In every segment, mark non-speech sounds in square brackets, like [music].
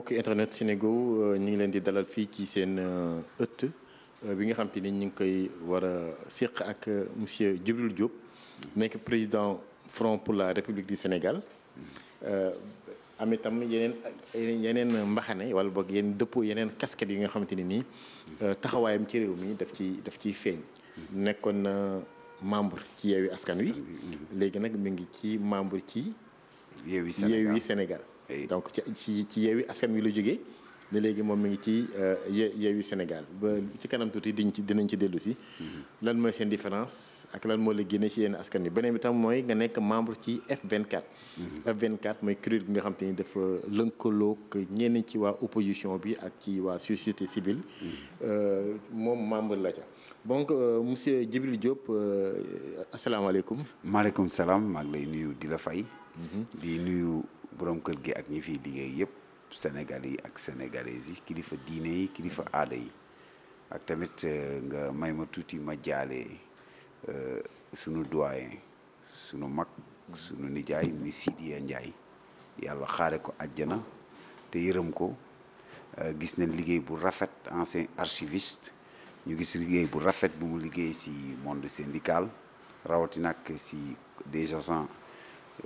mbokki internet Sénégo euh, ñu ngi leen di dalal fii ci seen euh, ëtt euh, bi nga xam te ni ñu ngi koy war a séq ak monsieur Djibril Diop nekk président Front pour la République du Sénégal am itam yeneen yeneen mbaxane wala boog yeneen dëppoo yeneen casquette yi nga xamante ni nii taxawaayam ci réew mi daf ci daf ciy feeñ nekkoon na membre ci Yewwi Askan Wi mhm. léegi nag mi ngi ci membre ci Yewwi Sénégal donc ci ci yeewi askan wi la jóge ne léegi moom mi ngi ci euh, yeewi Sénégal ba ci kanam tuuti diñ ci dinañ ci dellu si. Mm-hmm. lan mooy seen différence ak lan moo la génne ci yenn askan wi beneen bi tam mooy nga nekk membre ci F24. Mm-hmm. F24 mooy kuréel bi nga xam te ni dafa lëkkaloo ak ñenn ci waa opposition bi ak ci waa société civile. Mm-hmm. Euh, moom membre la ca. donc euh, monsieur Djibril Diop asalaamaaleykum. maaleykum salaam maa ngi lay nuyu di la fay. di nuyu. borom kër gi ak ñi fiy liggéey yëpp sénégalais yi ak sénégalaises yi kilifa diine yi kilifa aada yi ak tamit euh, nga may ma tuuti ma jaale euh, sunu doyen sunu mag sunu nijaay muy Sidiya Ndiaye yàlla xaare ko àjjana te yërëm ko euh, gis na liggéey bu rafet ancien archiviste ñu gis liggéey bu rafet bu mu liggéey ci monde syndical rawatina ak ci des agents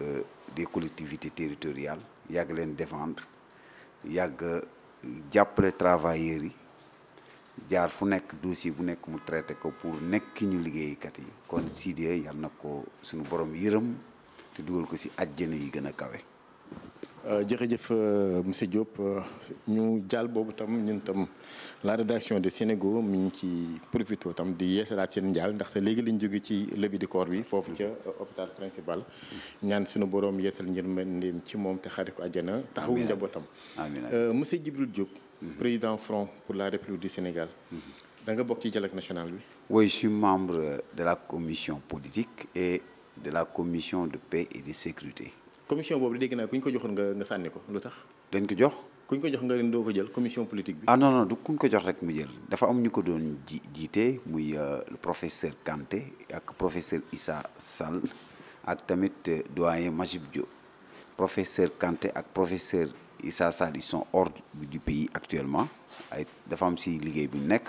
Euh, des collectivités territoriales yàgg leen défendre yàgg jàppale travailleurs yi jaar fu nekk dossier bu nekk mu traité ko pour nekk ñu liggéeykat yi kon Sidy yàlla na ko suñu borom yërëm te dugal ko ci àjjana yi gën a kawe Euh, jërëjëf euh, monsieur Diop euh, ñu jaal boobu tam ñun tam la rédaction de Sénégo mi ngi ci profité tam di yeesalaat seen njaal ndaxte léegi lañ jóge ci levée du corps bi foofu ca hôpital principal ñaan sunu boroom yeesal ngir mën ci moom te xarit ko àjjana taxawu njabootam monsieur Djibril Diop mhm. président Front pour la République du Sénégal mhm. da nga bokk ci dialogue national bi oui je membre de la commission politique et de la commission de paix et de sécurité commission boobu dégg naa ku ñu ko joxoon nga nga sànni ko lu tax. dañ ko jox. kuñ ko jox nga leen doo ko jël commission politique bi. ah non non du kuñ ko jox rek mu jël dafa am ñu ko doon ji jiite muy le euh, professeur Kanté ak professeur Issa Sall ak tamit euh, doyen Majib Diop professeur Kanté ak professeur Issa Sall ils sont hors du actuellement ay dafa am si liggéey bi ñu nekk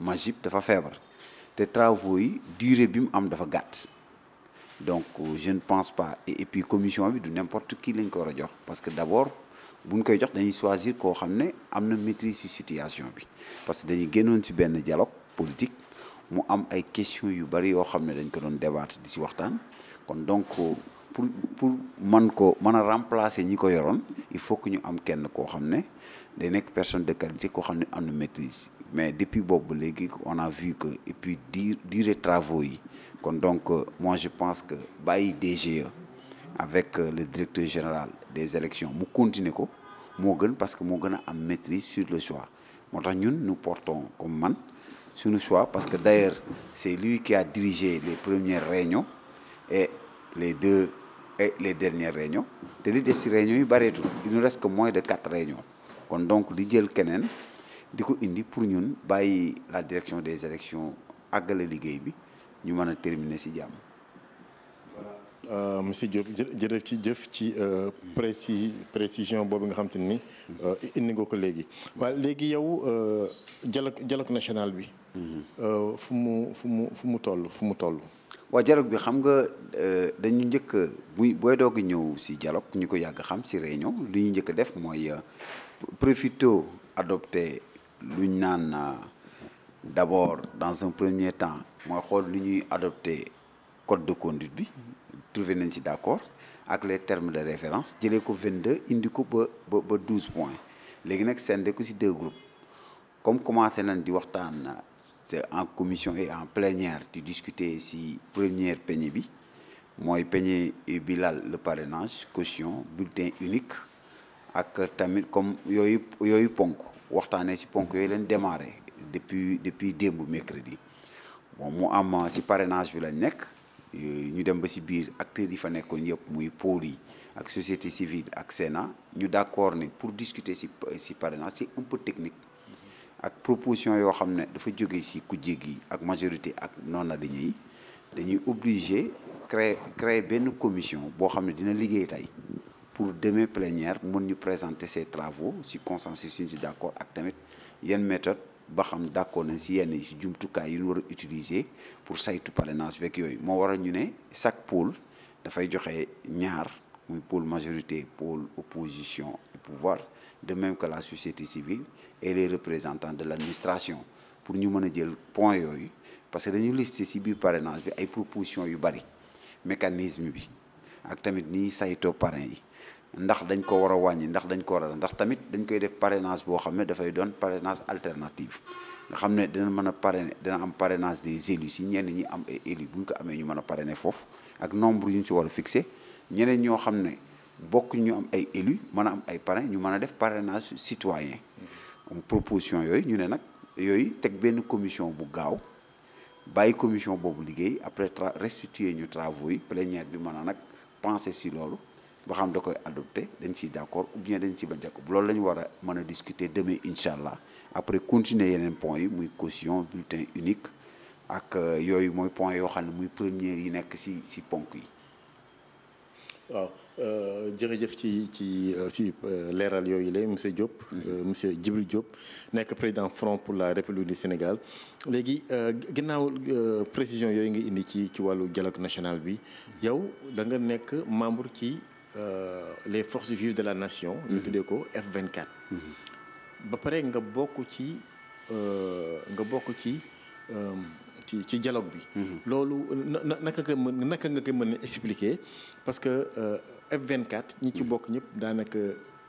Majib dafa feebar te travaux yi durée bi mu am dafa gàtt. donc euh, je ne pense pas et puis commission bi du n'importe qui lañ ko war a jox parce que d'abord buñ koy jox dañuy choisir koo xam ne am na maîtrise yu situation bi parce que dañuy génnoon ci benn dialogue politique mu am ay questions yu bari yoo xam ne dañ ko doon débattre di ci waxtaan kon donc euh, pour pour man ko mën a remplacer ñi ko yoroon il faut que ñu am kenn koo xam ne day nekk personne de qualité koo xam ne am na maîtrise mais depuis boobu léegi on a vu que et puis di yi kon donc euh, moi je pense que bàyyi DGE avec euh, le directeur général des élections mu continuer ko moo gën parce que moo gën a am maîtrise sur le choix moo tax ñun nous portons comme man suñu choix parce que d'ailleurs c'est lui qui a dirigé les premières réunions et les deux les dernières réunions te li des ci réunions yi bëreetul il nous reste que moins de quatre réunions kon donc li jël keneen di ko indi pour ñun bàyyi la direction des élections àggale liggéey bi ñu mën a terminer si jàmm. voilà euh, monsieur Diop jërëjëf ci jëf ci euh, précis précision boobu nga xam te ni euh, indi nga ko léegi waaye léegi yow dialogue dialogue national bi. Mhm. fu mu fu mu fu mu toll fu mu toll. waa dialogue bi xam nga dañu njëkk buy booy doog ñëw si dialogue ñu ko yàgg xam si réunion li ñu njëkk def mooy profito adopté luñ naan euh, d'abord dans un premier temps mooy xool lu ñuy adopté code de conduite bi trouvé nañ ci d'accord ak les termes de référence jëlee ko 22 indi ko ba ba ba 12 points léegi nag sende ko si deux groupes comme commencé nañ di waxtaan c'est en commission et en plénière di discuter si première peñe bi mooy peñe bi lal le parrainage caution bulletin unique ak tamit comme yooyu yooyu ponk waxtaanee si ponk yooyu leen démarré depuis depuis démb mercredi bon mu am euh, si parrainage bi lañ nekk euh, ñu dem ba si biir acteurs yi fa nekkoon yëpp muy pôle ak société civile ak Sénat ñu d'accord ne pour discuter si si parrainage c'est un peu technique ak proposition yoo xam ne dafa jóge si kujje gi ak majorité ak non adéñé yi dañuy obligé créer créer benn commission boo xam ne dina liggéey tey pour demee plénière mën ñu présenter ces travaux si consensus suñ si d' accord ak tamit yenn méthode ba xam d' accord nañ si yenn yi si jumtukaay yi ñu war a utiliser pour saytu parrainage beeg yooyu moo waral ñu ne chaque pôle dafay joxe ñaar muy pôle majorité pôle opposition et pouvoir de même que la société civile et les représentants de l' administration pour ñu mën a jël point yooyu parce que dañu lister si biir parrainage bi ay propositions yu bëri mécanisme bi ak tamit nii saytoo parrain yi ndax dañ ko war a wàññi ndax dañ ko war a ndax tamit dañ koy def parrainage boo xam ne dafay doon parrainage alternative nga xam ne dana mën a pare parrainer dina am parrainage des élus si ñenn ñi am ay élus bu ko amee ñu mën a parrainer foofu ak nombre yu ñu si war a fixé ñeneen ñoo xam ne bokk ñu am ay élus mën a am ay parrain ñu mën a def parrainage citoyen proposition yooyu ñu ne nag yooyu teg benn commission bu gaaw bàyyi commission boobu liggéey après restituer ñu travaux yi plénière bi mën a nag penser si loolu boo xam ne da koy adopté dañ siy d' accord ou bien dañ si bañ d'accord loolu la ñu war a mën a discuter demain incha allah après continuer yeneen point yi muy caution bulletin unique ak euh, yooyu mooy point yoo xam ne muy première yi nekk si si ponk yi waaw euh, jërëjëf ci ci si euh, leeral yooyu la monsieur Diop mm-hmm. monsieur Djibril Diop nekk président front pour la république du Sénégal léegi ginnaaw précision yooyu ngi indi ci ci wàllu dialogue national bi mm-hmm. yow da nekk membre ci Euh, les forces vives de la nation. ñu mhm. tuddee ko F24. Mhm. ba pare nga bokk ci euh, nga bokk ci euh, ci ci dialogue bi. Mhm. loolu naka nga mën naka nga ko mën a expliquer parce que F24 ñi ci bokk ñëpp daanaka.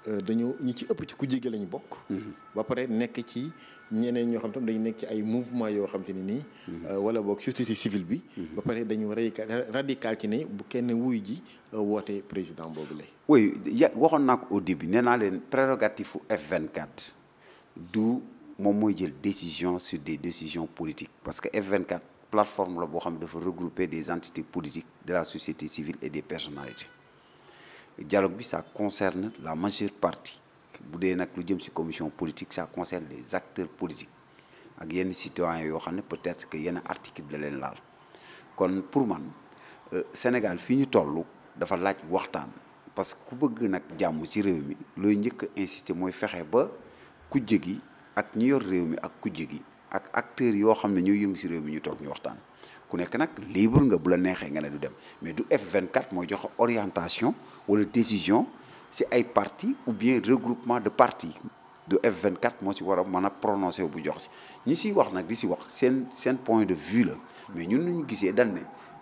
Euh, dañoo ñi ci ëpp ci ku jege lañu bokk. Mhm. ba pare nekk ci ñeneen ñoo xam tam dañu nekk ci ay mouvement yoo xam te ne nii. Mhm. Euh, wala boo société civile bi. Mhm. ba pare dañu radical ci ne bu kenn wuy ji euh, woote président boobu lay. oui ya waxoon naa ko au début nee naa leen prérogative fu F24 du moom mooy jël décision sur des décisions politiques parce que F24 plateforme la boo xam ne dafa regrouper des entités politiques de la société civile et des personnalités. dialogue bi ça concerne la majeure partie bu dee nag lu jëm ci commission politique sa concerne les acteurs politique ak yenn citoyens yoo xam ne peut-être que yenn article da leen laal kon pour man euh, Sénégal fii ñu toll dafa laaj waxtaan parce que ku bëgg nag jàmm ci réew mi looy njëkk a mooy fexe ba kujje gi ak ñi yor réew mi ak kujje gi ak acteurs yoo xam ne ñooy yëngu ci réew mi ñu toog ñu waxtaan ku nekk nag libre nga bu la neexee nga ne du dem mais du F24 mooy joxe orientation wala décision si ay parti ou bien regroupement de parti du F24 moo si war a mën a prononcé bu jox si ñi si wax nag di si wax seen seen point de vue la mais ñun ñu gisee dañ ne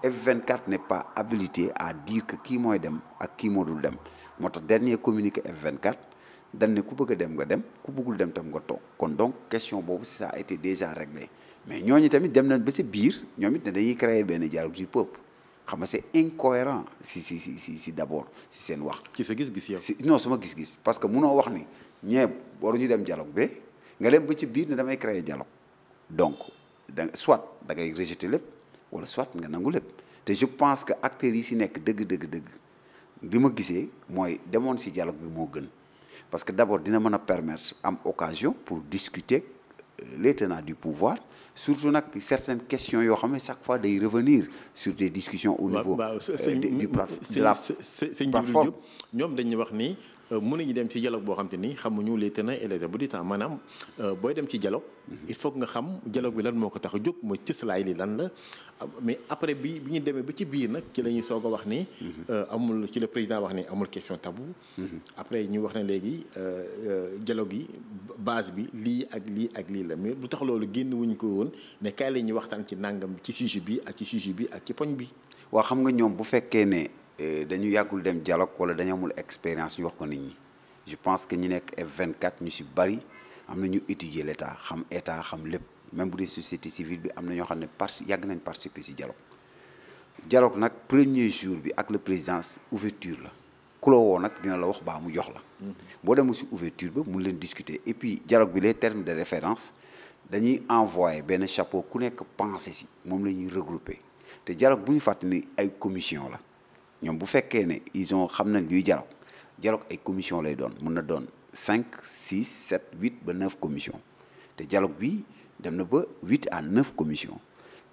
F24 n'est pas habilité à dire que kii mooy dem ak kii moo dul dem moo tax dernier communiqué F24 dañ ne ku bëgg dem nga dem ku bëggul dem tam nga toog kon donc question boobu ça a été déjà réglé mais ñooñu tamit dem nañ ba si biir ñoomit ne dañuy créer benn dialogue du pop xam nga c'est incohérent si si si si si d'abord si seen wax. ci sa gis-gis yow si gis-gis parce que munoo wax ni ñee waruñu dem dialogue ba nga dem ba ci biir ne damay créer dialogue donc da soit da ngay rejeter lépp wala soit nga nangu lépp te je pense que acteurs yi si nekk dëgg dëgg dëgg bi ma gisee mooy demoon si jaloog bi moo gën parce que d'abord dina mën a permettre am occasion pour discuter. les tenants du pouvoir surtout nag certaines questions yoo xam ne chaque fois day revenir sur des discussions au niveau euh, du de la plateforme ñoom dañuy wax ni Euh, ñu dem ci dialogue boo xam te ni xamuñu les tenants et les aboutissants maanaam euh, booy dem ci dialogue il faut nga xam dialogue bi lan moo ko tax a jóg mooy cëslaay li lan la ah, mais après bi bi ñu demee ba ci biir nag ci la ñuy soog a wax ni euh, amul ci le président wax ni amul question tabou après ñu wax ne léegi dialogue yi base bi lii ak lii ak lii la mais lu tax loolu génn wuñ ko woon ne kaay la ñuy waxtaan ci nàngam ci sujet bi ak ci sujet bi ak ci poñ bi waa xam nga ñoom bu fekkee ne Euh, dañu yàggul dem dialogue wala dañoo amul expérience ñu wax ko nit ñi je pense que ñu nekk vingt 24 ñu si bari am na ñu étudier l' état xam état xam lépp même bu dee société civile bi am na ñoo xam ne par yàgg nañ participer si dialogue dialogue nag premier jour bi ak le présidence ouverture la ku la woo nag dina la wax baa mu jox la mm-hmm. boo demul si ouverture ba mun leen discuter et puis dialogue bi les termes de référence dañuy envoyé benn chapeau ku nekk pensé si moom la ñuy regroupé te dialogue bu ñu fàttali ay commission la ñoom bu fekkee ne ils ont xam nañ luy dialogue dialogue ay commission lay doon mun na doon cinq six sept huit ba neuf commission te dialogue bi dem na ba huit à neuf commission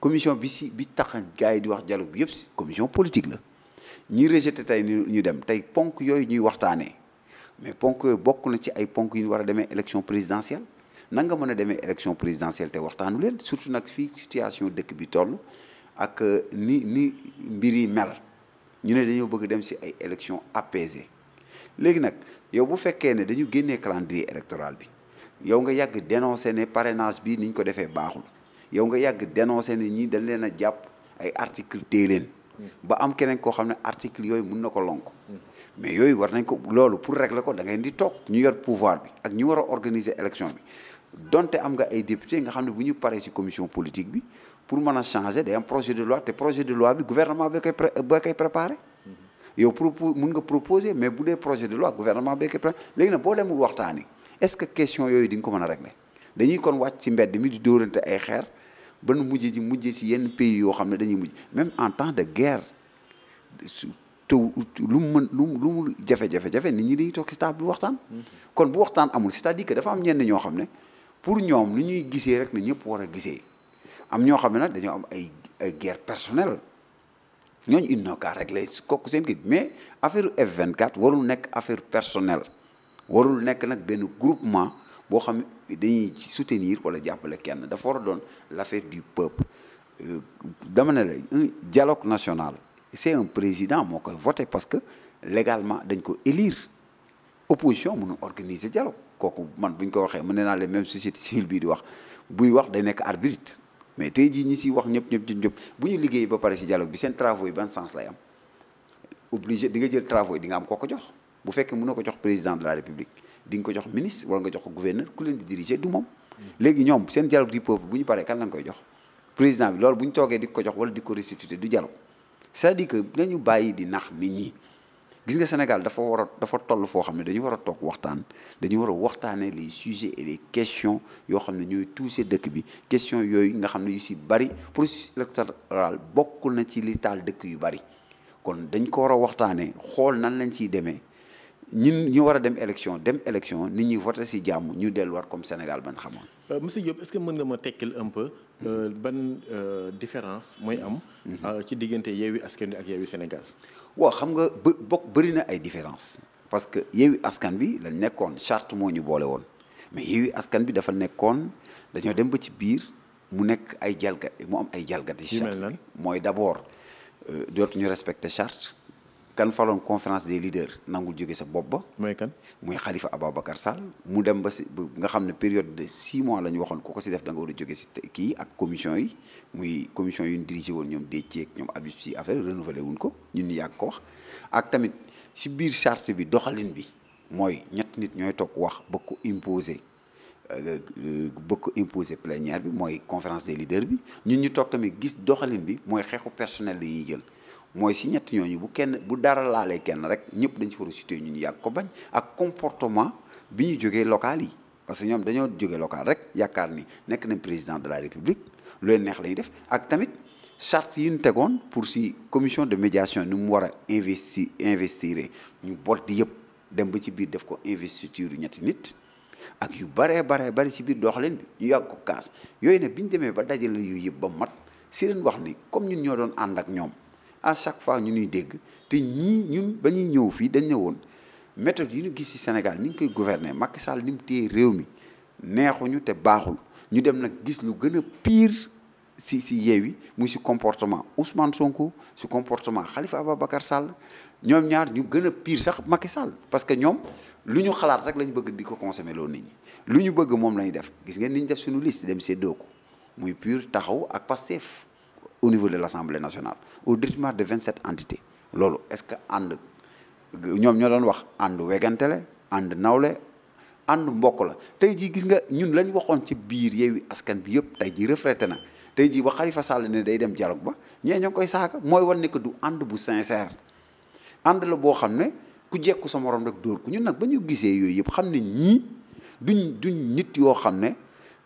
commission bi si bi tax gars yi di wax dialogue bi yëpp commission politique la ñi rejeté tey ñu dem tey ponk yooyu ñuy waxtaanee mais ponk yooyu bokk na ci ay ponk yu ñu war a demee élection présidentielle nan nga mën a demee élection présidentielle te waxtaanu leen surtout nag fii situation dëkk bi toll ak euh, ni ni mbir yi mel ñu ne dañoo bëgg dem si ay élections apaisées léegi nag yow bu fekkee ne dañu génnee calendrier électoral bi yow nga yàgg dénoncé ne parrainage bi niñ ko defee baaxul yow nga yàgg dénoncé ne ñii dañ leen a jàpp ay article téye leen ba am keneen koo xam ne article yooyu mun na ko lonk mais yooyu war nañ ko loolu pour régler ko da ngay di toog ñu yor pouvoir bi ak ñu war a organiser élection bi donte am nga ay député nga xam ne bu ñu paree si commission politique bi pour mën a changer day am projet de loi te projet de loi bi gouvernement bee koy bee koy préparé yow propos mun nga proposer mais bu dee projet de loi gouvernement bee koy préparé léegi nag boo demul waxtaani est-ce que question yooyu di nga ko mën a régler dañuy kon wàcc ci mbedd mi di dóorante ay xeer ba nu mujj ji mujj si yenn pays yoo xam ne dañuy mujj même en temps de guerre su lu mu mën lu lu mu jafe-jafe jafe nit ñi dañuy toog si table bi waxtaan. Mm-hmm. kon bu waxtaan amul c'est-à-dire dafa am ñenn ñoo xam ne pour ñoom lu ñuy gisee rek ne ñëpp war a gisee. am ñoo xam ne nag dañoo am ay ay guerre personnelle ñooñu il n'ont qu'à régler kooku seen kii mais affaire F24 warul nekk affaire personnelle warul nekk nag benn groupement boo xam ne dañuy soutenir wala jàppale kenn dafa war a doon l'affaire du peuple euh, dama ne la un dialogue national c'est un président moo koy voté parce que légalement dañ ko élire opposition nu organiser dialogue kooku man buñ ko waxee mën ne naa leen même société civile bii di wax buy wax day nekk arbitre mais tey jii ñi si wax ñëpp ñëpp ñëpp bu ñu liggéey ba pare si dialogue bi seen travaux yi ban sens lay am obligé nga jël travaux yi di am koo ko jox bu fekkee mënoo ko jox président de la république di nga ko jox ministre wala nga jox ko gouverneur ku leen di diriger du moom. léegi ñoom seen dialogue du peuple bu ñu paree kan la nga koy jox président bi loolu bu ñu toogee di ko jox wala di ko restituer du dialogue c'est-à-dire que bàyyi di nax nit ñi. gis nga Sénégal dafa war a dafa toll foo xam ne dañu war a toog waxtaan dañu war a waxtaanee les sujets et les yoo xam ne ñooy touché dëkk bi question yooyu nga xam ne yu si bari processus électoral bokk na ci li taal dëkk yu bari kon dañ ko war a waxtaanee xool nan lañ ciy demee ñun ñu war a dem élection dem élection nit ñi voté si jàmm ñu delluwaat comme Sénégal ban xamoon. Euh, monsieur Diop est-ce que mën nga ma tekkil un peu euh, ban euh, différence mooy am. Mhm. ci diggante Yewwi Askan Wi ak Yewwi Sénégal. waaw xam nga bë bokk bëri na ay différence parce que Yewwi Askan bi la nekkoon charte moo ñu boole woon mais Yewwi Askan bi dafa nekkoon dañoo dem ba ci biir mu nekk ay jalgat mu am ay jalgati charte mooy d'abord euh, dootuñu respecter charte kan faloon conférence des leaders nangul jóge sa bopp ba. mooy kan muy Khalifa Ababacar Sall. mu dem ba si nga xam ne période de six mois la ñu waxoon ko ko si def danga nga war a jóge si kii ak commission yi muy commission yu ñu dirigé woon ñoom Déthié ak ñoom Habib Sy affaire renouvelé wuñ ko ñun ni yàgg ko wax. ak tamit si biir charte bi doxalin bi mooy ñett nit ñooy toog wax ba ko imposer. Euh, bëgg ko imposer plénière bi mooy conférence des leaders bi ñun ñu toog tamit gis doxalin bi mooy xeexu personnel la ñuy jël. mooy si ñett ñooñu bu kenn bu dara laalee kenn rek ñëpp dañ si war a situé ñu yàgg ko bañ ak comportement bi ñu jógee local yi parce que ñoom dañoo jógee local rek yaakaar ni nekk nañ président de la république lu leen neex la def ak tamit charte yi ñu tegoon pour si commission de médiation ni mu war a investi investir ñu bot di yëpp dem ba ci biir def ko investiture ñetti nit ak yu baree baree bari si biir doxalin bi ñu yàgg ko kaas yooyu ne bi ñu demee ba dajale yu yëpp ba mat si leen wax ni comme ñun ñoo doon ànd ak ñoom à chaque fois ñu ñuy dégg te ñii ñun bañuy ñëw fii dañ ne woon méthode yi ñu gis ci Sénégal ni ñu koy gouverner Macky Sall ni mu téye réew mi neexuñu te baaxul ñu dem nag gis lu gën a pire si si Yewwi muy si comportement Ousmane Sonko si comportement Khalifa Ababacar Sall ñoom ñaar ñu gën a pire sax Macky Sall parce que ñoom lu ñu xalaat rek lañ bëgg di ko consommer loolu nit lu ñu bëgg moom la def gis ngeen ni ñu def suñu liste dem séddoo ko muy pur taxaw ak au niveau de l'Assemblée nationale au détriment de 27 entités loolu est-ce que ànd ñoom ñoo doon wax ànd wegantele ànd nawle ànd mbokk la tey jii gis nga ñun lañ waxoon ci biir Yewwi Askan bi yëpp tey jii reflété na tey jii ba Khalifa Sall ne day dem dialogue ba ñee ñoo ngi koy saaka mooy wan ne que du ànd bu sincère ànd la boo xam ne ku jekku sa morom rek dóor ku ñun nag ba ñu gisee yooyu yëpp xam ne ñii duñ du nit yoo xam ne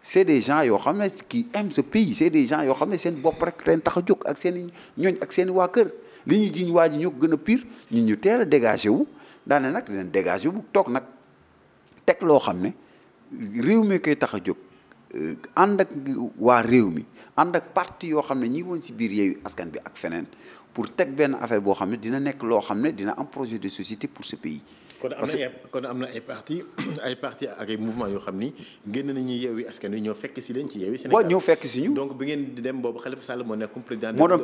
c' est des gens yoo xam ne kii aiment ce pays c' est des gens yoo xam ne seen bopp rek leen tax a jóg ak seen i ñooñ ak seeni waa kër li ñuy jiñ waa ji ñoo gën a piir ñu ñu teel a dégagé wu daane nag dinañ dégagé wu toog nag teg loo xam ne réew mi koy tax a jóg euh, ànd ak waa réew mi ànd ak parti yoo xam ne ñii woon si biir yeewu askan bi ak feneen pour teg benn affaire boo xam ne dina nekk loo xam ne dina am projet de société pour ce pays kon am na kon am na ay parti [clears throat] ay parti ak mouvement yoo xam ni génn nañu Yewwi Askan Wi ñoo fekk si leen ci Yewwi Sénégal. fekk si ñu. donc bi ngeen di dem boobu Khalifa Sall moo nekkum président. moo doon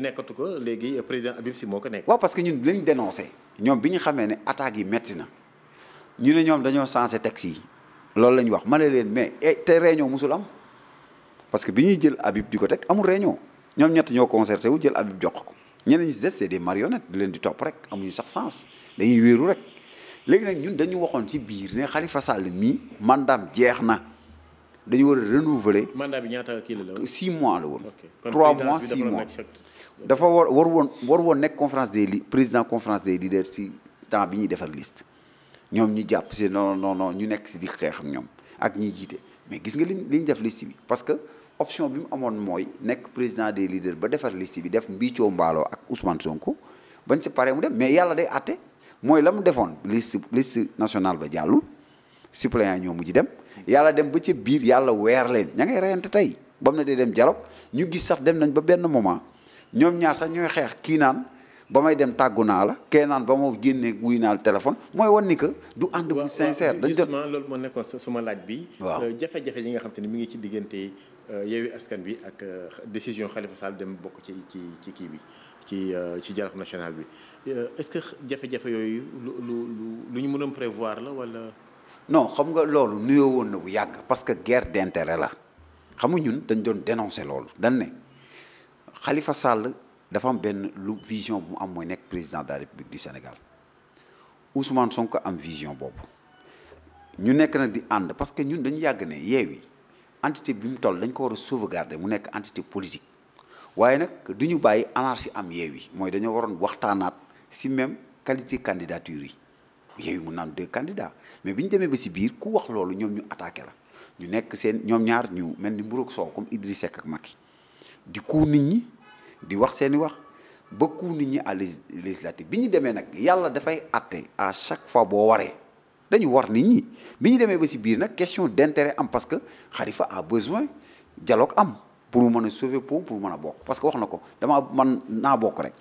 nekkatu ko léegi président Habib Sy moo ko nekk. waaw parce que ñun lañ dénoncé ñoom bi ñu xamee ne attaques yi métti na ñu ne ñoom dañoo sensé texte yi loolu la ñu wax ma ne leen mais eh, te réunion mosul am parce que bi ñuy jël Habib di ko teg amul réunion ñoom ñett ñoo concerté wu jël Habib jox ko ñeneen ñi si des c'est des leen di topp rek amuñu sax sens dañuy wéeru rek léegi nag ñun dañu waxoon ci biir ne Khalifa Sall mii mandaam jeex na dañu war a renouveler. mandat bi ñaata kii la woon. six mois la woon. ok trois mois six mois dafa war war woon war woon nekk conférence des li président conférence des leaders ci temps bi ñuy defar liste. ñoom ñu jàpp si non non ñu nekk si di xeex ak ñoom ak ñiy jiite mais gis nga li li ñu def liste bi parce que. option bi mu amoon mooy nekk président des leaders ba defar liste bi def Mbico Mballo ak Ousmane Sonko bañ si paree mu dem mais yàlla day àtte mooy la mu defoon liste liste national ba jàllul suppléant ñoo mujj dem yàlla dem ba ca biir yàlla weer leen ña ngay reyante tey ba mu ne dem dialogue ñu gis sax dem nañ ba benn moment ñoom ñaar sax ñooy xeex kii naan ba may dem tàggu naa la kee naan ba ma génne wuy naal téléphone mooy wan ni que du ànd bu sincère dañ def loolu moo nekkoon suma laaj bi waaw euh, jafe-jafe yi nga xam te ne mi ngi ci diggante Euh, yeewi askan bi ak euh, décision Khalifa Sall dem bokk ci ci ci kii bi ci euh, ci dialogue national bi est-ce que jafe-jafe yooyu lu lu lu ñu mën a prévoir la wala. non xam nga loolu nuyoo woon na bu yàgg parce que guerre d'intérêt la xam nga ñun dañ doon dénoncer loolu dañ ne xalifa Sall dafa am benn lu vision bu mu am mooy nekk président de la République du Sénégal Ousmane Sonko am vision boobu ñu nekk na di ànd parce que ñun dañu yàgg ne yeewi entité bi mu toll dañ ko war a sauvegarder mu nekk entité politique waaye nag du ñu bàyyi anarchie am Yewwi mooy dañoo waroon waxtaanaat si même qualité candidature yi Yewwi mu naan deux candidats mais bi ñu demee ba si biir ku wax loolu ñoom ñu attaqué la ñu nekk seen ñoom ñaar ñu mel ni mburu ak soow comme Idriss Seck ak di ku nit ñi di wax seeni wax ba ku nit ñi à législative bi ñu demee nag yàlla dafay atte à chaque fois boo waree dañu war nit ñi bi ñu demee ba si biir nag question d'intérêt am parce que Khalifa a besoin dialogue am pour mu mën a sauver po pour mu a bokk parce que wax na ko dama man naa bokk rek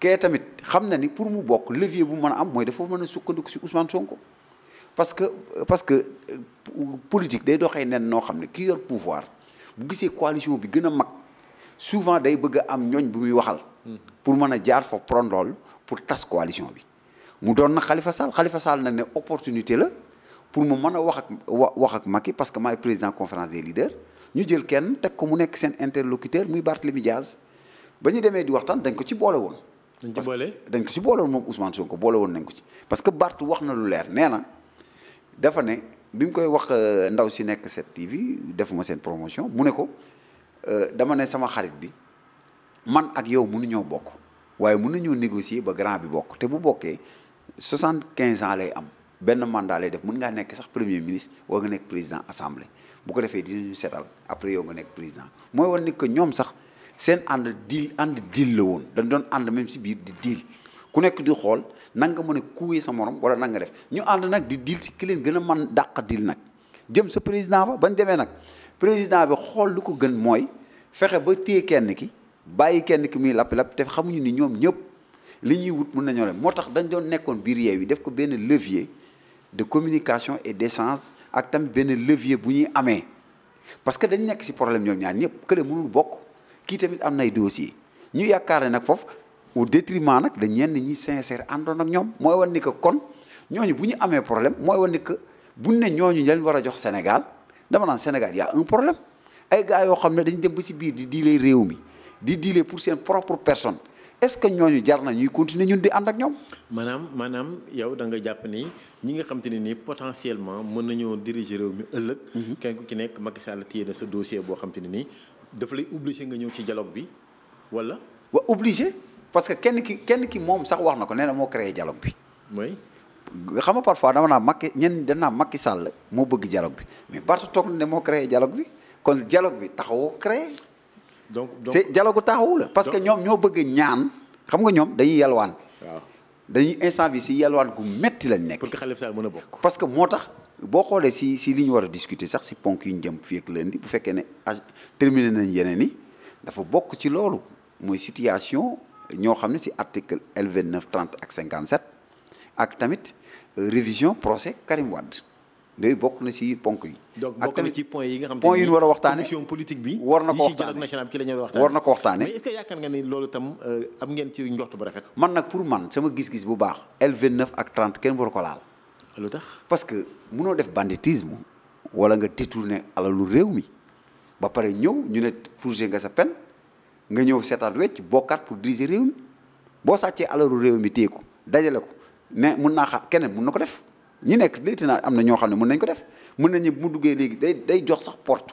kee tamit xam na ni pour mu bokk levier bu mu mën a am mooy dafa mën a sukkandiku si Ousmane Sonko parce que parce que euh, politique day doxee nen noo xam ne ki yor pouvoir bu gisee coalition bi gën a mag souvent day bëgg a am ñooñ bu muy waxal hmm. pour mën a jaar fa prondool pour tas coalition bi mu doon na xalifa Sall Khalifa Sall na ne opportunité la pour mu mën a wax ak wa wax ak Macky parce que may président conférence des leaders ñu jël kenn teg ko mu nekk seen interlocuteur muy Barthélémy Diaz ba ñu demee di waxtaan dañ ko ci boole woon. dañ ci boole dañ ko ci boole woon moom Ousmane Sonko boole woon nañ ko ci. parce que Barth wax na lu leer nee na dafa ne bi mu koy wax euh, ndaw si nekk set TV defuma seen promotion mu ne ko euh, dama ne sama xarit bi man ak yow mënuñoo bokk waaye mën nañoo négocier ba grand bi bokk te bu bokkee. soixante quinze ans lay am benn mandat lay def mën ngaa nekk sax premier ministre war nga nekk président assemblée bu ko defee dinañu seetal après yow nga nekk président mooy war ni que ñoom sax seen ànd deal ànd deal la woon dañ doon ànd même si biir di deal ku nekk di xool na nga mën a kuwee sa morom wala na def ñu ànd nag di deal si ki leen gën a man dàq deal nag jëm sa président ba ban demee nag président bi xool lu ko gën mooy fexe ba téye kenn ki bàyyi kenn ki muy lapp te xamuñu ni ñoom ñëpp li ñuy wut mun nañoo dem moo tax dañ doon nekkoon biir yeew def ko benn levier de communication et d'échange ak tamit benn levier bu ñuy amee parce que dañ nekk si problème ñoom ñaar ñëpp kële mënul bokk kii tamit am nay dossier ñu yaakaar ne nag foofu au détriment nag dañ yenn ñi sincère àndoon nag ñoom mooy wan ni que kon ñooñu bu ñu amee problème mooy wan ni que buñ ne ñooñu ña leen war a jox Sénégal dama naan Sénégal y a un problème ay gars yoo xam ne dañ dem ba ci biir di diile réew mi di diile pour seen propre personne est-ce que ñooñu jar na ñuy continuer ñun di ànd ak ñoom. maanaam maanaam yow da nga jàpp ni ñi nga xam te ne nii potentiellement mën nañoo diriger réew mi ëllëg. Mhm. kenn ku ci nekk Macky Sall téye na sa dossier boo xam te ne nii dafa lay obligé nga ñëw ci dialogue bi wala. wa obligé parce que kenn ki kenn ki moom sax wax na ko nee na moo créé dialogue bi. mooy. xam nga parfois dama naa Macky ñenn danaa makki Sall moo bëgg dialogue bi mais Barth toog ne moo créé dialogue bi kon dialogue bi taxawoo créé. donc donc c'est dialogue la. parce que ñoom ñoo bëgg ñaan xam nga ñoom dañuy yalwaan. waaw dañuy instant bi si yalwaan gu métti lañ nekk. pour que Khalifa Sall bokk. parce que moo tax boo xoolee si si li ñu war a discuter sax si ponk yu ñu jëm fii ak lundi bu fekkee ne ah terminé nañ yeneen yi dafa bokk ci loolu mooy situation ñoo xam ne si article L29 30 ak 57 ak tamit euh, révision procès Karim wadd yooyu bokk na si ponk yi. donc bokk na ci point yi nga xam point yi ñu war a bi war na ko waxtaane dialogue national ci la a waxtaane war na ko waxtaane mais est ce que nga ni loolu itam euh, am ngeen ci njort bu rafet man nag pour man sama gis-gis bu baax L29 ak 30 kenn waru ko laal lu tax parce que munoo def banditisme wala nga détourné alalu réew mi ba pare ñëw ñu ne projet nga sa pen nga ñëw seetaat wecc bokkaat pour diriger réew mi boo sàccee alalu réew mi téye ko dajale ko mais mun naa xaar keneen mun na ko def ñi nekk lieutenant am na ñoo xam ne mën nañ ko def mën nañu mu duggee léegi day day jox sax porte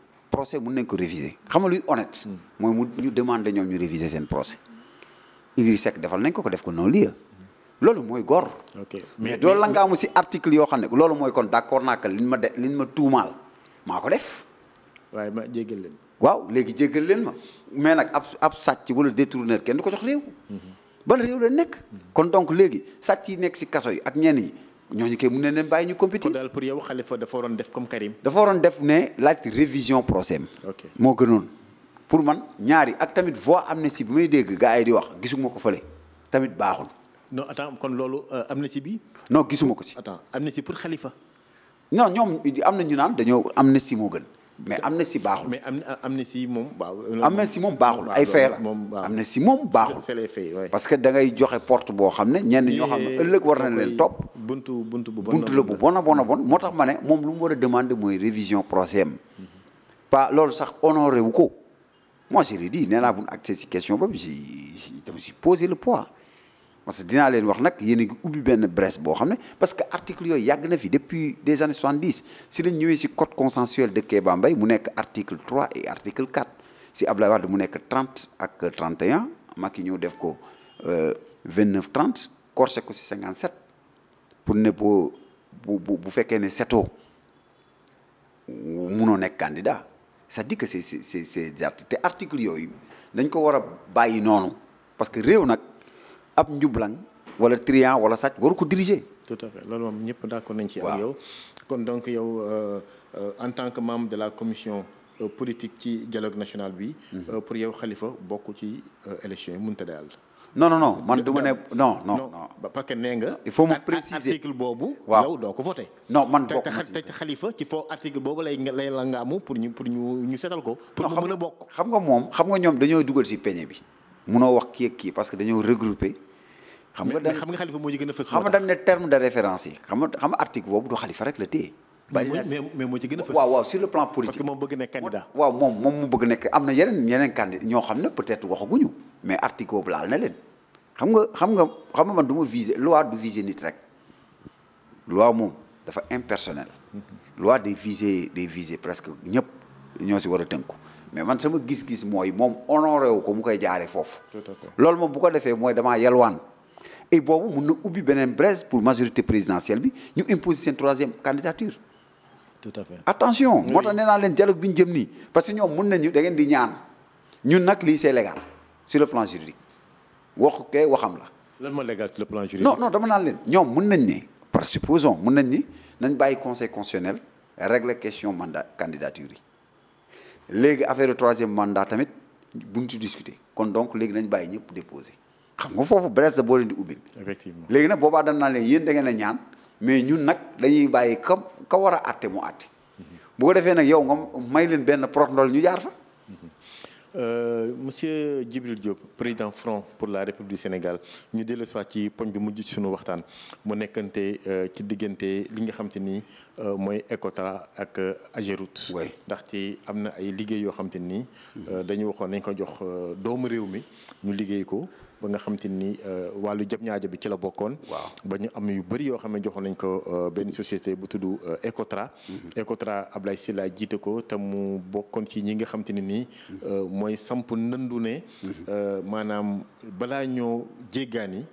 procès mun nañ ko réviser xam nga luy honnête hmm. mooy mu ñu demander ñoom ñu réviser seen procès Idriss Seck defal nañ ko ko def ko non lieu loolu mooy gor mais doolu la nga amu si article yoo xam ne loolu mooy kon d'accord naa que liñ ma de liñ ma tuumaal maa ko def waaye ma jéggal leen waaw léegi jéggal leen ma mais nag ab ab sàcc wala détourneur kenn du ko jox réew hmm. ban réew la nekk hmm. kon donc léegi sàcc yi nekk si kaso yi ak ñenn yi ñooñu kay mun ne leen bàyyi ñu compétir. kon daal pour yow Khalifa dafa waroon def comme Karim. dafa waroon def ne laajte révision procès moo gënoon pour man ñaari ak tamit voix amnistie bi may dégg gars yi di wax gisuma ko fële tamit baaxul. no attends kon loolu euh, amnistie bi. non gisuma ko si. attends amnistie pour Khalifa. non ñoom am na ñu naan dañoo amnistie moo gën. mais amnistie baaxul. mais amnistie moom baaxul. amnistie moom baaxul ay fee la moom amnistie moom baaxul. c'est les faits parce que da ngay joxe porte boo xam ne ñenn ño xam ne ëllëg war nañ leen topp. buntu buntu bu bon buntu la bu bon a bon a bon moo tax ma ne moom lu mu war a demander mooy révision procès pa pas loolu sax honoré wu ko. moi je di ne nee naa bu accès si question boobu j' ai j' le poids. parce que dinaa leen wax nag yéen a ngi ubbi benn brèche boo xam ne parce que article yooyu yàgg na fi depuis des années 70 si lañ ñëwee si code consensuel de Kéba Mbaye mu nekk article 3 et article 4 si Ablaye Wade mu nekk 30 ak 31 ki ñëw def ko vingt 29 30 corsé ko si 57 pour ne boo bu bu fekkee ne setoo munoo nekk candidat c'est-à-dire que c'est c'est te article yooyu dañ ko war a bàyyi noonu parce que réew nag. ab njublang wala trian wala sàcc waru ko diriger. tout à fait loolu moom ñëpp d'accord nañ ci ak yow kon donc yow euh, euh, en tant que membre de la commission euh, politique ci dialogue national bi mhm. pour yow xalifa bokk ci élection yi mënut a daal non non non man du ma ne non non non parce que nee nga il faut mu préciser article waaw yow doo ko voté non man bokk te Khalifa ci foo article boobu lay lay la ngaamu pour ñu pour ñu ñu setal ko pour mu mën bokk xam nga moom xam nga ñoom dañoo dugal si peñe bi munoo wax kii ak kii parce que dañoo regroupé. xam nga da xam nga xalifa moo ñu gën a fës. xam nga ne terme de référence yi xam nga xam nga du xalifa rek la téye. mais moo ci gën a fës. waaw waaw sur le plan politique parce que moom bëgg nekk candidat. waaw moom moom mu bëgg nekk am na yeneen yeneen candidat ñoo xam ne peut-être waxaguñu mais article boobu laal na leen xam nga xam nga xam nga man du ma viser loi du viser nit rek loi moom dafa impersonnel mm-hmm. loi des visées des visées presque ñëpp ñoo si war a tënku mais man sama gis-gis mooy moom honoré ko mu koy jaaree foofu. loolu moom bu ko defee mooy damaa yalwaan. et boobu mun na ubbi beneen braise pour majorité présidentielle bi ñu imposer seen troisième candidature. tout attention. moo tax nee naa leen dialogue bi ñu jëm nii. parce que ñoom mun nañu da ngeen di ñaan ñun nag lii c'est légal sur le plan juridique waxu kee waxam la. lan moo légal sur le plan juridique. non dama naan leen ñoom mun nañ ne. par supposons mun nañ ni nañ bàyyi conseil constitutionnel régler question mandat candidature yi. léegi affaire troisième mandat tamit bu buñ ci discuter kon donc léegi nañ bàyyi ñëpp déposé xam nga foofu bresse la boo leen di ubbi effectivement léegi nag boobaa dan naa leen yéen da ngeen a ñaan mais ñun nag dañuy bàyyi ka ka war a atte mu atte mhm. bu ko defee nag yow nga may leen benn protocole ñu yaar fa Euh, monsieur Djibril Diop président Front pour la République Sénégal ñu dellu soit ci poñ bi mujj ci sunu waxtaan mu nekkante euh, ci diggante li nga xam te ni euh, mooy ECOTRA ak euh, Ageroute. ndax ndaxte am na ay liggéey yoo xam te ni. dañu waxoon nañ ko jox doomu réew mi ñu liggéey ko. ba nga xam te ni euh, wàllu jëm ñaajo bi ci la bokkoon. waaw ba ñu am yu bëri yoo xam ne joxoon nañ ko euh, benn société bu tudd euh, Ecotra. Mhm. Ecotra Ablaye Sylla jiite ko te mu bokkoon ci ñi nga xam te ne nii. Mhm. mooy samp nëndu ne. Mhm. maanaam balaa ñoo jéggaani.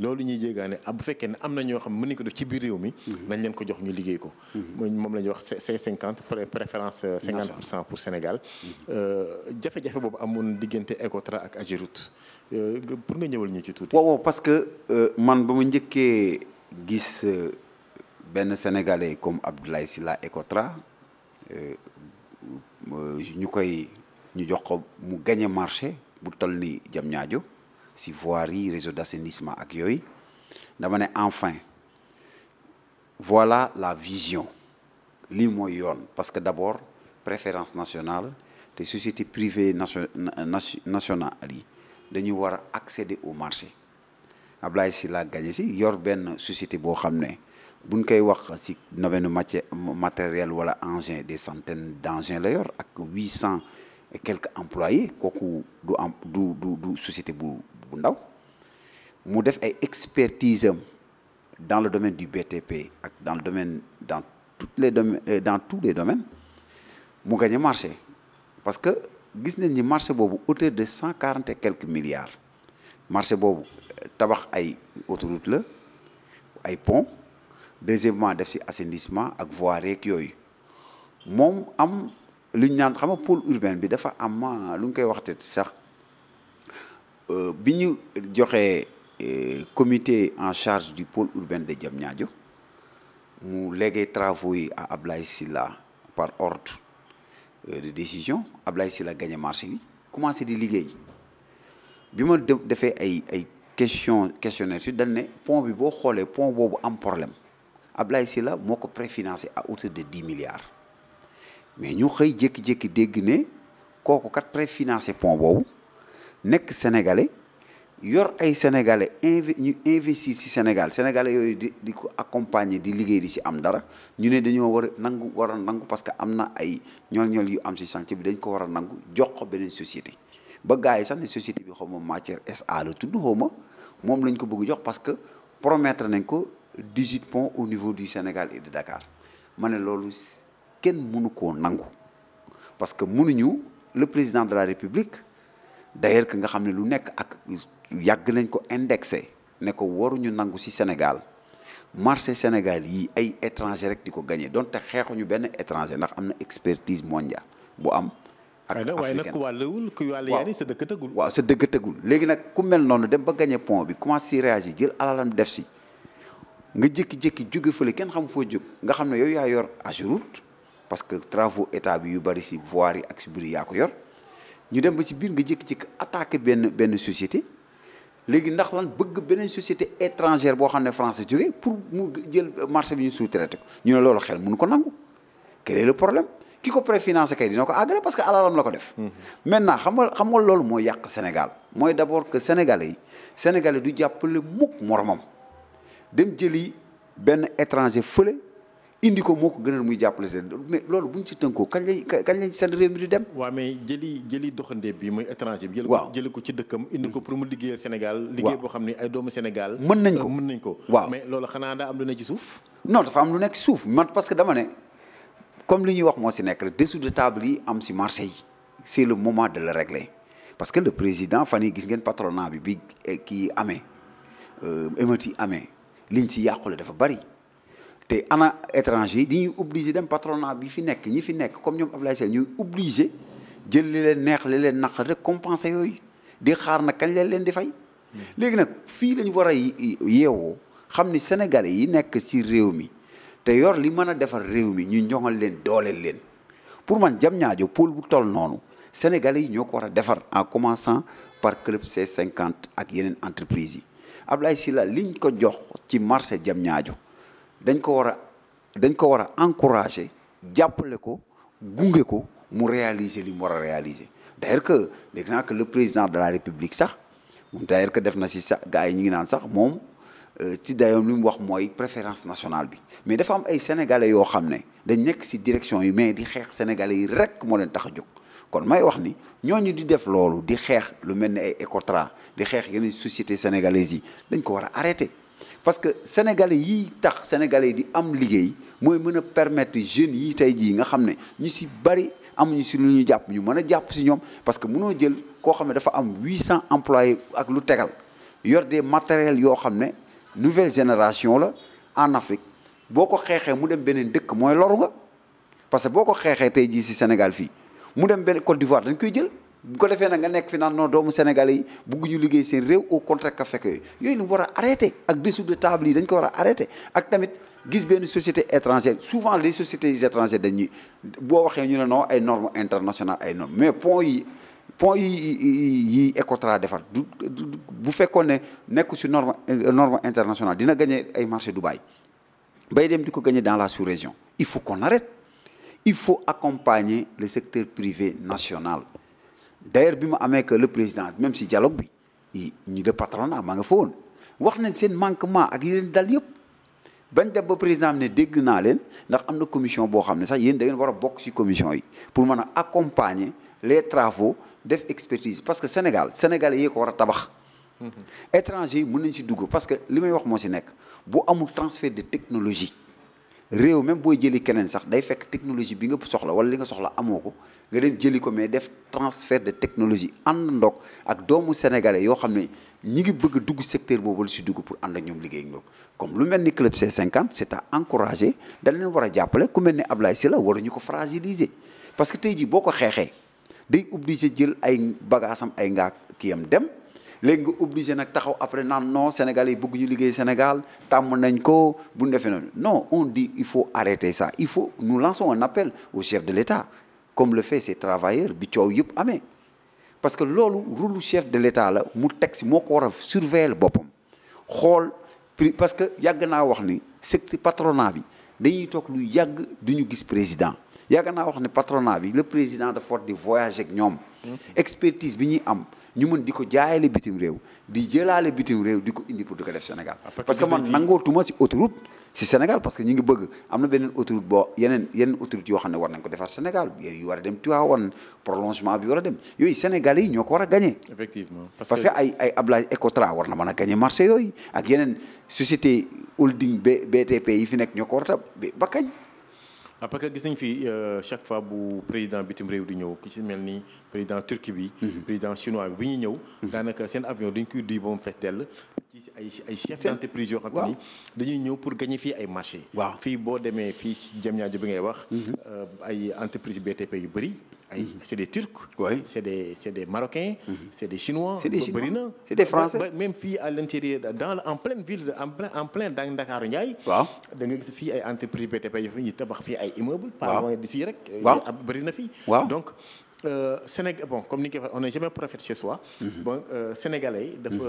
loolu ñuy jéegaane ah bu fekkee ne am na ñoo xam mën nañu ko def ci biir réew mi. Mhm. nañ leen ko jox ñu liggéey ko. Mhm. moom la ñuy wax c'est cinquante préférence euh, cinquante pour cent pour Sénégal. Mhm. Euh, jafe-jafe boobu amoon diggante Ecotra ak Ageroute euh, pour nga ñëwal ñu ci tuuti. waaw waaw parce que man ba ma njëkkee gis benn sénégalais comme si la Ecotra ñu koy ñu jox ko mu gagné marché bu toll ni jam ñaajo si voirie réseau d'assainissement ak yooyu dama ne enfin voilà la vision lii mooy yoon parce que d'abord préférence nationale te société privée nationale yi dañu war a accéder au marché Ablaye la Gagné si yor benn société boo xam ne buñ koy wax si domaine matière matériel wala engin des centaines d'engins la yor ak huit cent et quelques employés kooku du am du du du société bu bu ndaw mu def ay expertise am dans le domaine du BTP ak dans le domaine dans toutes les domaines euh, dans tous les domaines mu gagné marché parce que gis nañ ni marché boobu hauteur de cent quarante et quelques milliards marché boobu euh, tabax ay autoroute la ay pont deuxièmement def ci assendissement ak voie rek yooyu moom am lu ñu naan xam nga pôle urbain bi dafa am lu ñu koy waxte sax Euh, bi ñu joxee euh, commité en charge du pôle urbain de Diamniadio mu légué travaux yi à Ablaye Sylla par ordre euh, de décision Ablaye Sylla gagné marché bi commencé di liggéey bi ma defee ay ay question questionnaire su dañ ne pont bi boo xoolee pont boobu am problème si la moo ko préfinancé à hauteur de dix milliards mais ñu xëy jékki-jékki dégg ne kooku kat préfinancé pont boobu nekk sénégalais yor ay sénégalais inv ñu investir ci Sénégal sénégalais yooyu di di ko accompagner di liggéey di ci am dara ñu ne dañoo war nangu war a nangu parce que am na ay ñool-ñool yu am si chantier bi dañ ko war a nangu jox ko beneen société ba gars yi sax ne société bi xaw ma matière SA la tudd xaw ma moom lañ ko bëgg jox parce que promettre nañ ko 18 ponts au niveau du Sénégal et de Dakar ma ne loolu kenn mënu koo nangu parce que mënuñu le président de la République d'ailleurs que nga xam ne lu nekk ak yàgg nañ ko indexé ne ko waruñu nangu si Sénégal marché Sénégal yi ay étranger rek di ko gagné te xeexuñu benn étranger ndax am na expertise mondiale bu am. ak africaine waaye nag ku ku wàll yaa ni sa dëkk tëggul. waaw sa dëkk tëggul léegi nag ku mel noonu dem ba gagné pont bi commencé si réagir jël alalam def si nga jëkki jékki jóge fële kenn xam foo jóg nga xam ne yow yaa yor Ageroute parce que travaux état bi yu bari si voir yi ak si bëri yaa ko yor. ñu dem ba si biir nga jékki-jékki attaqué benn benn société léegi ndax lan bëgg beneen société étrangère boo xam ne français jógee pour mu jël marché bi ñu sous-traité ko ñu ne loolu xel mun ko nangu quel est problème ki ko préfinancé kay dina ko àggale parce que alalam la ko def maintenant xam nga xam nga loolu moo yàq Sénégal mooy d'abord que sénégalais yi sénégalais du jàppale mukk moromam dem jëli benn étranger fële indi ko moo ko gënal muy jàppale seen loolu bu ñu si tënkoo kañ lañ kañ lañ seen réew mi di dem. waaw mais jëli jëli doxandéem bi mooy étranger bi. jëli ko ci dëkkam indi ko pour mu liggéeyal Sénégal. waaw liggéey boo xam ne ay doomu Sénégal. mën nañ euh, ko mën nañ ko. waa mais loolu xanaa daa am lu nekk ci suuf. non dafa am lu nekk suuf man parce que dama ne comme li ñuy wax moo si nekk rek su de table yi am si marché yi c' est le moment de le régler parce que le président fan yii gis ngeen patronat bi bi eh, kii amee euh, émeute yi amee liñ si yàqule dafa bari te ana étranger di dañuy obligé dem patronat bi fi nekk ñi fi nekk comme ñoom Ablaye Sène ñuy obligé jël li leen neex li leen naq rek yooyu di xaar nag kañ leen leen di fay. Hmm. léegi nag fii lañu war a yeewoo xam ni sénégalais yi nekk si réew mi te yor li mën a defar réew mi ñu ñoŋal leen dooleel leen pour man jam ñaajo pôle bu toll noonu sénégalais yi ñoo ko war a defar en commençant par club C50 ak yeneen entreprise yi Ablaye Sylla liñ ko jox ci marché jam ñaajo dañ ko war a dañ ko war a encourager jàppale ko gunge ko mu réaliser li mu war a réaliser d'ailleurs que dégg naa le président de la république sax moom que def na si sax gars yi ñu ngi naan sax moom euh, ci dayoom li mu wax mooy préférence nationale bi mais dafa am ay sénégalais yoo xam ne dañ nekk si direction yi mais di xeex sénégalais yi rek moo leen tax a jóg kon may wax ni ñooñu di def loolu di xeex lu mel ni ay Ecotra di xeex yeneen société sénégalaises yi dañ ko war a arrêter parce que sénégalais yii tax sénégalais di am liggéey mooy mën a permettre jeunes yii tey jii nga xam ne ñu si bari amuñu si lu ñu jàpp ñu mën a jàpp si ñoom parce que mu noo jël koo xam ne dafa am 800 employés ak lu tegal yor des matériels yoo xam ne nouvelle génération la en Afrique boo ko xeexee mu dem beneen dëkk mooy loru nga parce que boo ko xeexee tey jii si Sénégal fii mu dem benn Côte d'Ivoire dañ koy jël. bu ko defee nag nga nekk fi naan noo doomu Sénégal yi bëgguñu liggéey seen réew au contraire ka fekk yooyu yooyu war a arrêté ak dessous de table yi dañ ko war a arrêté ak tamit gis benn société étrangère souvent les sociétés étrangères dañu boo waxee ñu ne non ay normes internationales ay normes mais pont yi pont yi yi Ecotra defar bu fekkoon ne nekk si norme euh, norme internationale dina gagné ay marché Dubaï bay dem di ko gagné dans la sous-région il faut qu'on arrête il faut accompagner le secteur privé national d'ailleurs bi mu amee que le président même si dialogue bi ñu de patronat maa nga fa wax nañ seen manquement ak yi leen dal yëpp bañ dem ba président ne dégg naa leen ndax am na commission boo xam ne sax yéen da ngeen war a bokk ci commission yi pour mën a accompagner les travaux def expertise parce que Sénégal sénégal yi ko war a tabax. Mm-hmm. étranger yi mën nañ si dugg parce que li may wax moo si nekk bu amul transfert de technologie. réew même booy jëli keneen sax day fekk technologie bi nga soxla wala li nga soxla amoo ko nga dem jëli ko mais def transfert de technologie ànd ndoog ak doomu sénégalais yoo xam ne ñi ngi bëgg dugg secteur boobu la si dugg pour ànd ak ñoom liggéey ak ñoom comme lu mel ni club C50 c'est à encourager dañ war a jàppale ku mel ni la Sylla ñu ko fragiliser parce que tey jii boo ko xeexee day obligé jël ay bagaasam ay kii kiyam dem léegi nga obligé nag taxaw après nan non Sénégal yi bëgg ñu liggéey Sénégal tàmm nañ ko bu ñu defee noonu non on dit il faut arrêter sa il faut nous lançons un appel au chef de l'État comme le fait ces travailleurs bi coow yëpp amee parce que loolu rôle chef de l'État la mu teg si moo ko war a surveiller boppam xool prix parce que yàgg naa wax ni secteur patronat bi dañuy toog lu yàgg du ñu gis président yàgg naa wax ne patronat bi le président de war di voyager ak ñoom mm-hmm. expertise bi ñuy am ñu mën di ko jaayale bitim réew di jëlaale bitim réew di ko indi pour di def Sénégal. Ah, parce que man nangootuma ci autoroute. ci Sénégal parce que ñu ngi bëgg am na beneen autoroute boo yeneen yeneen autoroute yoo xam ne war nañ ko defar Sénégal yu war a dem Tivaouane prolongement bi war a dem yooyu Sénégal yi ñoo ko war a gagné. effectivement parce que ay ay Ablaye war na mën a gagné marché yooyu ak yeneen société holding B BTP yi fi nekk ñoo ko war a tab ba kañ. ah parce que gis nañ fi euh, chaque fois bu président bitim réew di ñëw ku ci mel ni président turki bi. Mhm. président chinois bi ñuy ñëw. Mhm. daanaka seen avion dañ koy duy ba mu fees dell ci ay ay chef entreprise yoo xam ni dañuy ñëw pour gagner fii ay marché waaw fii boo demee fii ci Diamniadio bi ngay wax. Mhm. Euh, ay entreprise BTP yu bëri ay mhm. c' est des turcs. oui c' est des c' est des marocains. chinois. Mhm. c' est des chinois bëri na. c' même fii à l' intérieur en pleine ville en plein en plein dans Dakar ay entreprise BTP yu fi ñu tabax fii ay immeubles. waaw par loin d'ici rek. Euh, waaw bëri na fii. waaw donc. Euh, Sénégal bon comme ni ñu koy waxee on n'est jamais prophète chez soi. Mhm. bon euh, sénégalais yi dafa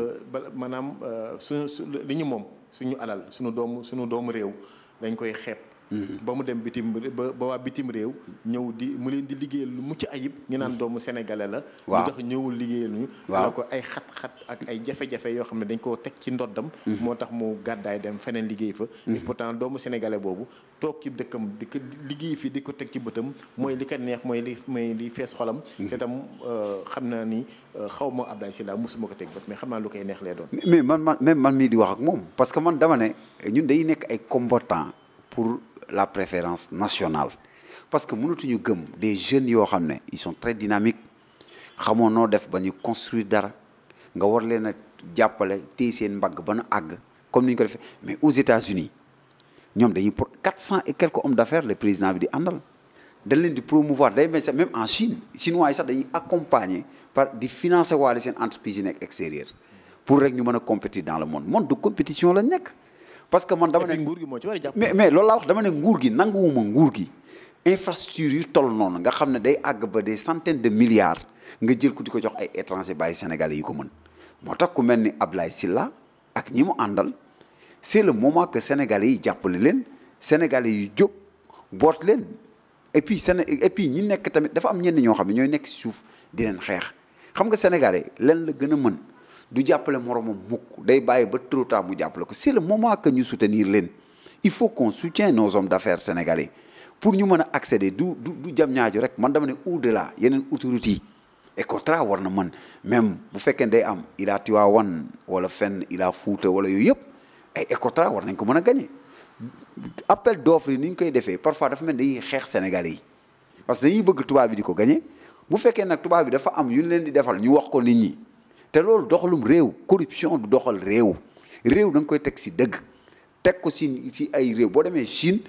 maanaam euh, suñu li ñu moom suñu alal suñu doomu suñu doomu réew dañ koy xeeb. Mm-hmm. ba mu dem bitim ba ba waa bitim réew ñëw di mu leen di liggéeyal lu mucc ayib ñu naan mm-hmm. doomu sénégalais la lu tax ñëwul liggéeyal ñu waaw ko ay xat-xat ak ay jafe-jafe yoo xam ne dañ koo teg ci ndoddam mm-hmm. moo tax mu gàddaay dem feneen liggéey fa et pourtant doomu sénégalais boobu toog ci dëkkam di ko liggéey fi di ko teg ci bëtam mooy li ko neex mooy li mooy li fees xolam te tam euh, xam naa ni euh, xaw ma Abdoulaye Sylla mosuma ko teg bët mais xam naa lu koy neex lay doon mais man man même man mii di wax ak moom ne ñun day nekk la préférence nationale parce que mënatuñu gëm des jeunes yoo xam ne ils sont très dynamiques xamoon noo def ba ñu construire dara nga war leen a jàppale téye seen mbagg ba nu àgg comme ni ñu ko defee mais aux États-Unis ñoom dañuy pour quatre cent et quelques hommes d'affaires le président bi di àndal dañ leen di promouvoir day mel sax même en Chine chinois yi sax dañuy accompagner par di financer waale seen entreprise yi nekk extérieur pour rek ñu mën a compétir le monde monde de compétition la parce que man dama ne nguur gi moo ci a jàpp mais mais loolu laa wax dama ne nguur gi nanguwuma nguur gi infrastructure yu toll noonu nga xam ne day àgg ba des centaines de milliards nga jël ku di ko jox ay étranger bàyyi sénégalais yi ko mën moo tax ku mel ni ab Ablaye Sylla ak ñi mu àndal c'est le moment que sénégalais yi jàppale leen sénégalais yi jóg boot leen et puis Séné et nekk tamit dafa am ñenn ñoo xam ne ñooy nekk si suuf di leen xeex xam nga sénégalais leen la gën a mën. du jàppale moromam mukk day bàyyi ba trop tard mu jàppale ko si le moment que ñu soutenir leen il faut qu'on soutienne nos hommes d'affaires sénégalais pour ñu mën a accéder du du du jam ñaaju rek man dama ne au la yeneen autorité yi et war na man même bu fekkee day am il a Tivaouane wala fenn il a Fouta wala yooyu yëpp ay contrat war nañ ko mën a gagner appel d'offre yi ni ñu koy defee parfois dafa mel dañuy xeex sénégalais yi parce que dañuy bëgg tubaab bi di ko gagner bu fekkee nag tubaab bi dafa am yu leen di defal ñu wax ko nit ñi te loolu doxalum réew corruption du doxal réew réew da koy teg si dëgg teg ko si si ay réew boo demee Chine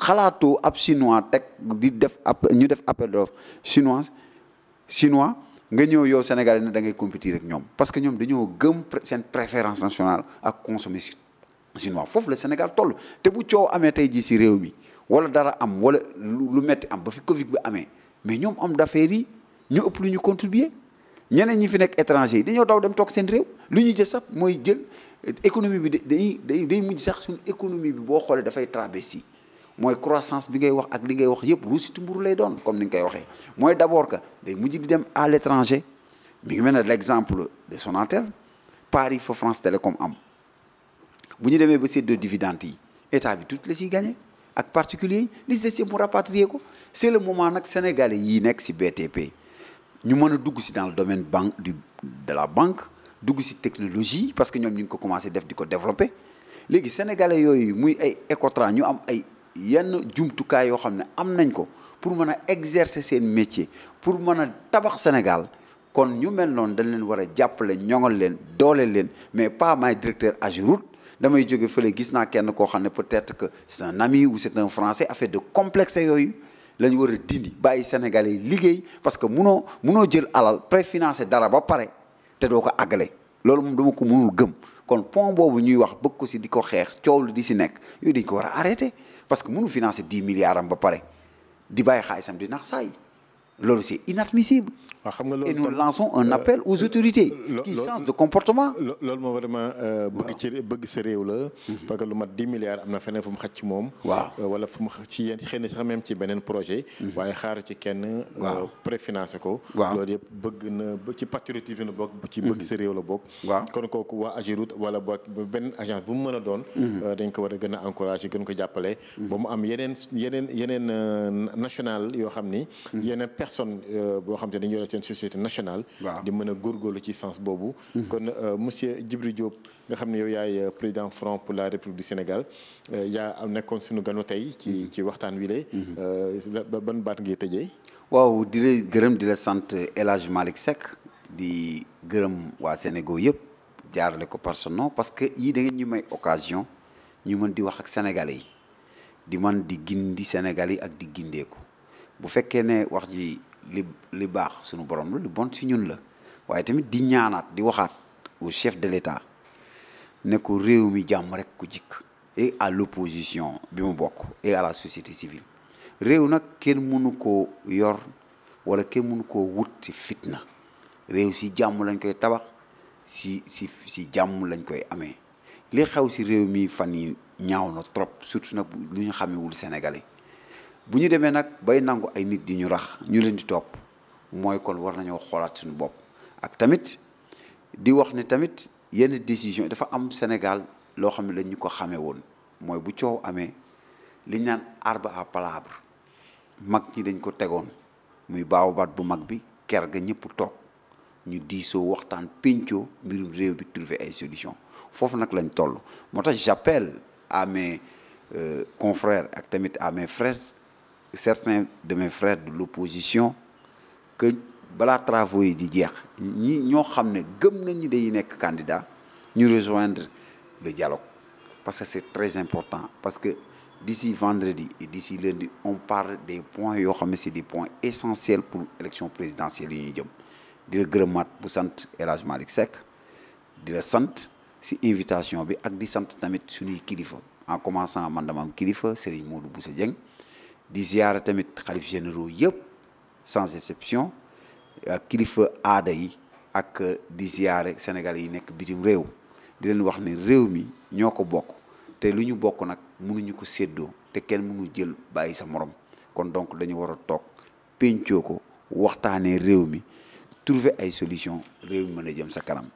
xalaatoo ab chinois teg di def app ñu def appel d'offre chinois nga ñëw yow Sénégal ne da ngay compétir ak ñoom parce que ñoom dañoo gëm seen préférence nationale ak consommer chinois foofu la Sénégal toll te bu coow amee tey jii si réew mi wala dara am wala lu metti am ba fi Covid bi amee mais ñoom am d'affaires yi ñu ëpp lu ñu contribuer ñeneen ñi fi nekk étranger yi dañoo daw dem toog seen réew lu ñuy jël sax mooy jël économie bi day day day mujj sax suñu économie bi boo xoolee dafay traversé mooy croissance bi ngay wax ak li ngay wax yëpp ruusitu mburu lay doon comme ni nga koy waxee mooy d'abord que day mujj di dem à l'étranger mi ngi mel ne l'exemple de Sonatel Paris fa France Télécom am bu ñu demee ba séddoo dividende yi état bi tout la si gagné ak particulier li si des yëpp mu rapatrier ko le moment nag sénégalais yi nekk si BTP. ñu mën a dugg si dans le domaine banque du de banque dugg si technologie parce que ñoom ñu ngi ko commencé def di ko développé léegi sénégalais yooyu muy ay écotran ñu am ay yenn jumtukaay yoo xam ne am nañ ko pour mën a exercer seen métier pour mën a tabax Sénégal kon ñu mel noon dañ leen war a jàppale ñoŋal leen dooleel leen mais pas may directeur Ageroute damay jóge fële gis naa kenn koo xam ne peut-être que c'est nami ami ou c'est un français affaire de complexe yooyu la ñu war a dindi bàyyi Sénégalais liggéey parce que munoo munoo jël alal préfinancé dara ba pare te doo ko àggale loolu moom dama ko munul gëm kon pont boobu ñuy wax bëgg ko si di ko xeex coow lu di si nekk yooyu dañ ko war a arrêté parce que munu financer di milliards ba pare di bàyyi xaalisam di nax saa yi loolu c'est inadmissible. waaw xam nga loolu et nous lançons un euh, appel aux euh, autorités. qui changent de comportement. loolu moo vraiment euh, bëgg bëgg sa réew la. Mhm. parce que lu mat dix milliards am na feneen fu mu xaj ci moom. waaw wala fu mu ci yenn xëy na sax même ci beneen projet. Mhm. waaye xaaru ci kenn. waaw préfinancé ko. waaw loolu yëpp bëgg na ci patriotisme la bokk. ci bëgg mhm. sa réew la bokk. waaw kon kooku waa Ageroute wala boog benn agence bu mu mën a doon. dañ ko war a gën a encouragé gën ko jàppale. ba mu am yeneen yeneen yeneen national yoo xam ni. personne euh, boo xam ne dañu yore seen société nationale di mën a góorgóorlu ci sens boobu hmm. kon euh, monsieur Djibril Diop nga xam ne yow yaay euh, président Front pour la République du Sénégal yaa am nekkoon suñu ganu tey ci hmm. ci waxtaan wi lee hmm. ban baat ngay tëjee waaw di la gërëm di la sant El Hadj Malick Seck di gërëm waa Sénégal yëpp jaarale ko par son parce que yii da ngeen ñu may occasion ñu mën di wax ak sénégal yi di man di gindi sénégal yi ak di gindeeku bu fekkee ne wax ji li baax sunu borom la lu bon si ñun la waaye tamit di ñaanaat di waxaat au chef de l'État ne ko réew mi jàmm rekk ku jikk et à l'opposition bi mu bokk et à la société civile réew nag kenn mënu koo yor wala kenn munu ko wut si fitna réew si jàmm lañ koy tabax si si si jàmm lañ koy amee li xew si réew mi fan yi ñaaw na trop surtout nag lu ñu xamewul Sénégalais bu ñu demee nag bay nangu ay nit di ñu rax ñu leen di topp mooy kon war nañoo xoolaat suñu bopp ak tamit di wax ne tamit yenn décision dafa am Sénégal loo xam ne dañ ñu ko xamee woon mooy bu coow amee liñ naan arbre à palabre mag ñi dañ ko tegoon muy baawabaat bu mag bi ker ga ñëpp toog ñu diisoo waxtaan péncoo mbirum réew bi trouver ay solution foofu nag lañ toll moo tax j'appelle à mes euh, confrères ak tamit amee mes certains de mes frères de l'opposition que balaa travaux yi di jeex ñi ñoo xam ne gëm nañ ñi dañuy nekk candidat ñu rejoindre le dialogue parce que c'est très important parce que di d'ici vendredi et d'ici lundi on par des points yoo xam ne si des points essentiels pour élection présidentielle yi ñu jëm di la gërëmaat bu sant El Hadj Seck di la sant si invitation bi ak di sant tamit suñuy kilifa en commençant man dama am kilifa Serigne Modou Boussa Dieng di ziyaara tamit xalif généraux yëpp sans exception kilifa aada yi ak di ziyaare Sénégalais yi nekk bitim réew di leen wax ne réew mi ñoo ko bokk te lu ñu bokk nag ñu ko séddoo te kenn mënu jël bàyyi sa morom kon donc dañu war a toog péncoo ko waxtaanee réew mi trouver ay solution réew mi mën a jëm sa kanam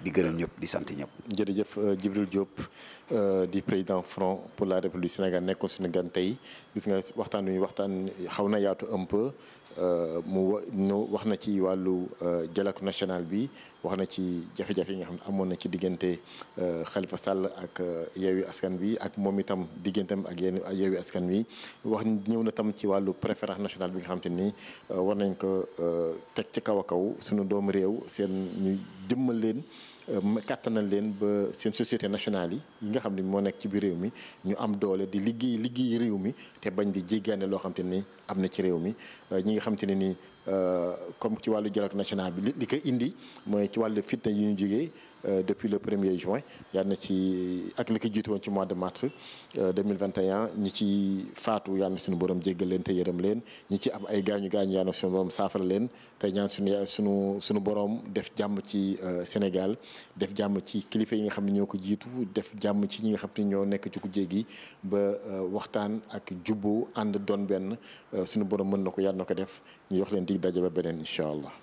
di gërëm ñëpp di sant ñëpp. jërëjëf euh, Djibril Diop euh, di président front pour la république Sénégal nekkoon suñu gantey tey gis nga waxtaan wi waxtaan xaw na yaatu un euh, mu ñu wax na ci wàllu dialogue national bi wax na ci jafe yi nga xam ne amoon na ci diggante Khalifa Sall ak Yewwi Askan Wi ak moom itam digganteem ak yenn Yewwi Askan Wi wax ñëw na tam ci wàllu préférence nationale bi nga xam te nii war nañ ko teg ci kaw a kaw suñu doomu réew seen ñuy. jëmmal leen euh, ma kàttanal leen ba seen société nationale yi yi nga xam ne moo nekk ci biir réew mi ñu am doole di liggéey liggéey réew mi te bañ di jéggaane loo xam te ni am na ci réew mi euh, ñi nga xam te ne nii euh, comme ci wàllu dialogue national bi li ko indi mooy ci wàllu fitna yi ñu jógee Euh, depuis le 1er juin yal na ci ak li ko jiitu ci mois de mars 2021 euh, ñi ci faatu yal na suñu borom jéggal leen te yërëm leen ñi ci am ay gaañu gaañu yal na suñu borom saafara leen te ñaan suñu suñu suñu borom def jàmm ci euh, Sénégal def jàmm ci kilifa yi nga xam ne ñoo ko jiitu def jàmm ci ñi nga xam ne ñoo nekk ci kujje gi ba waxtaan ak jubbu ànd doon benn sunu borom mën na ko yal na ko def ñu jox leen dig daje ba beneen incha allah.